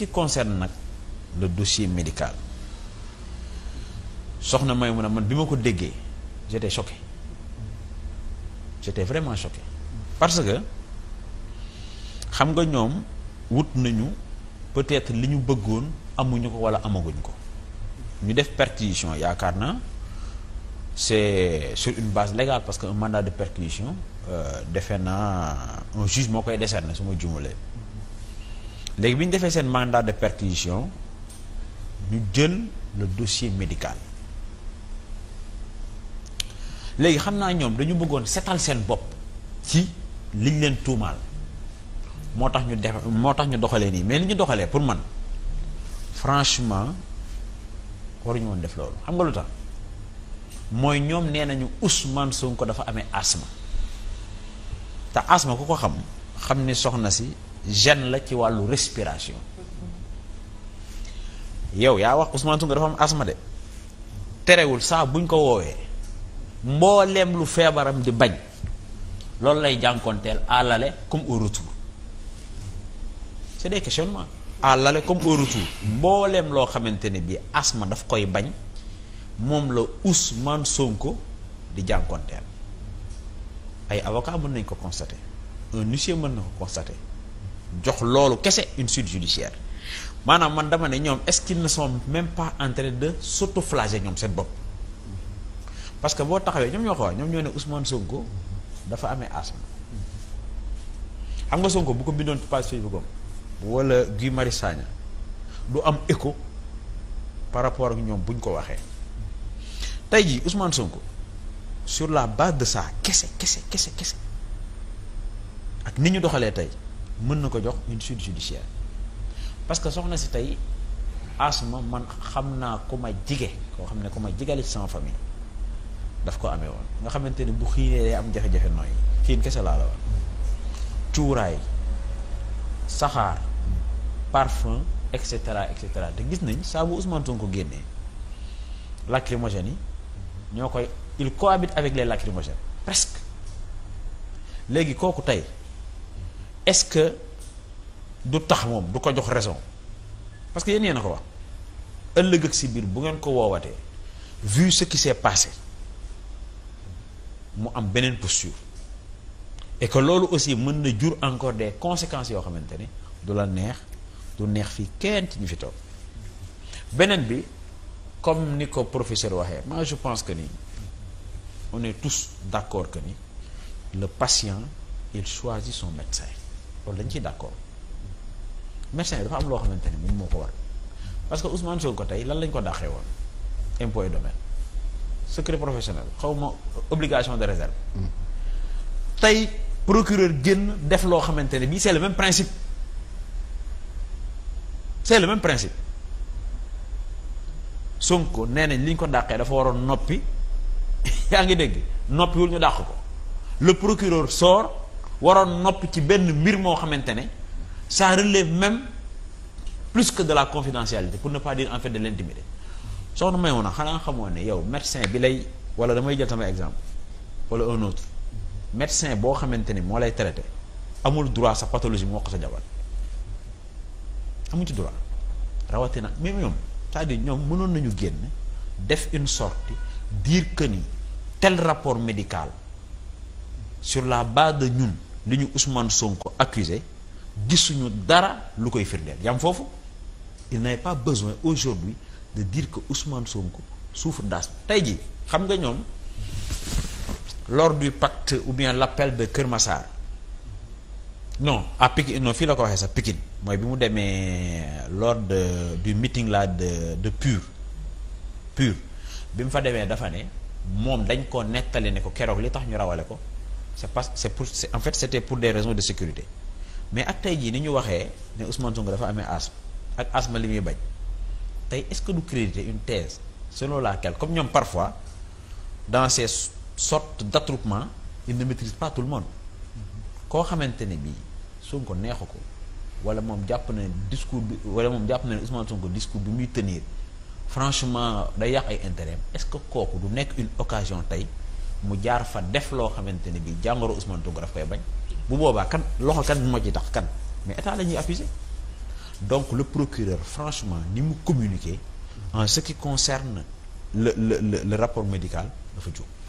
ci concerne nag le dossier médical soxna may mun a man bi ma ko déggee j'étais choqué j'étais vraiment choqué parce que xam nga ñoom wut nañu peut-être li ñu bëggoon amuñu ko walla amaguñ ko ñu def perquisition yaakaar naa c'est sur une base légale parce que un mandat de perquisition euh, defe naa un juge moo koy décerné su ma jumalee léegi bi ñu defee seen mandar de perquisition ñu jël le dossier médical léegi xam naa ñoom dañu bëggoon setal seen bopp ci liñ leen tuumaal moo tax ñu def moo tax ñu doxalee nii mais li ñu doxalee pour man franchement waruñu woon def loolu xam nga lu tax mooy ñoom nee nañu Ousmane ko dafa amee asma te asma ku ko xam xam ni soxna si. gêne la ci wàllu respiration yow yaa wax Ousmane Sonko dafa am asma de terewul saa buñ ko woowee mbooleem lu feebaram di bañ loolu lay jànkoonteel à l'aller comme au retour c'est des questionnements à comme au retour mbooleem loo xamante ne bii asma daf koy bañ moom la usman Sonko di jànkoonteel ay avocat mën nañ ko constater un huissier mën na ko constater jox loolu kese une suite judiciaire maanaam man dama ne ñoom est-ce qu'ils même pas en de de s'autoflageller ñoom seen bopp parce que boo taxawee ñoom ñoo ko wax ñoom ñoo ne Ousmane Sonko dafa amee asthme xam nga Sonko bu ko bindoon ci page Facebook wala Guy Marius Sagna du am écho par rapport ak ñoom buñ ko waxee tey jii Ousmane Sonko sur la base de ça kese kese kese kese ak ni ñu doxalee tey. mën na ko jox une suite judiciaire parce que soxna si tey asma man xam naa ku ma jige koo xam ne ku ma jigale ci sama famille daf ko amee woon nga xamante ne bu xiinee day am jafe-jafe nooy xiin kese laa la wax cuuraay saxaar parfum et cetera et cetera te gis nañ saa bu Ousmane Sonko ko génnee lacrymogènes yi ñoo koy il cohabite avec les lacrymogènes presque léegi kooku tey est-ce que du tax moom du ko jox raison parce que yéen ko wax ëllëg ak si biir bu ngeen ko woowatee vu ce qui s'est mu am beneen posture et que loolu aussi mën na jur encore des conséquences yoo xamante ni du la neex du neex fii kenn ci ñu fi toog beneen bi comme ni ko professeur waxee moi je pense que ni on est tous d'accord que ni le patient il choisit son médecin loolu dañ ciy d' accord médecin bi dafa am loo xamante ne moom moo ko war parce que Ousmane ko tey lan lañ ko dàqee woon impôt et domaine secret professionnel xaw ma obligation de réserve. tey procureur génn def loo xamante ne bi c' le même principe c' est le même principe Sonko nee nañ li ñu ko dàqee dafa waroon noppi yaa ngi dégg noppiwul ñu dàq ko le procureur sort. waroon noppi ci benn mbir moo xamante ne ça relève même plus que de la confidentialité pour ne pas dire en fait de l'intimité soxna may woon a xanaa xamoo ne yow médecin bi lay wala damay jël sama exemple wala un autre médecin boo xamante ni moo lay traité amul droit sa pathologie mu wax ko sa jabar amul ci droit rawatina même ñoom cest à ñoom mënoon nañu génn def une sortie diir que ni tel rapport médical sur la base de ñun li ñu Ousmane Sonko accusé gisuñu dara lu koy firndeel yam foofu il n'avait pas besoin aujourd'hui de diir ko Ousmane Sonko souffre d'asthme tey jii xam nga ñoom lors du pacte ou bien l'appel de Kër Massar non à non fii la ko waxee sa Pikine mooy bi mu demee lors de du meeting là de de Pur Pur bi mu fa demee dafa ne moom dañ ko nettali ne ko keroog li tax ñu rawale ko c'est parce c'est pour c'est en fait c'était pour des raisons de sécurité mais ak tey jii ni ñu waxee ne Ousmane Sonko dafa amee asthme ak asthme li muy bañ tey est-ce que du créditer une thèse selon laquelle comme ñoom parfois dans ces sortes d'attroupements ils ne maîtrisent pas tout le monde koo xamante ne bii Sonko neexu ko wala moom jàpp na discours bi wala moom jàpp na ne Ousmane Sonko discours bi muy tenir franchement day yàq ay intérêt est-ce que kooku du nekk une occasion tey mu jaar fa def loo xamante ne bii jàngoro Ousmane Tounkara daf koy bañ bu boobaa kan loxo kan moo ci tax kan mais état la ñuy accuser donc le procureur franchement ni mu communiquer en ce qui concerne la le le, le rapport médical dafa jóg.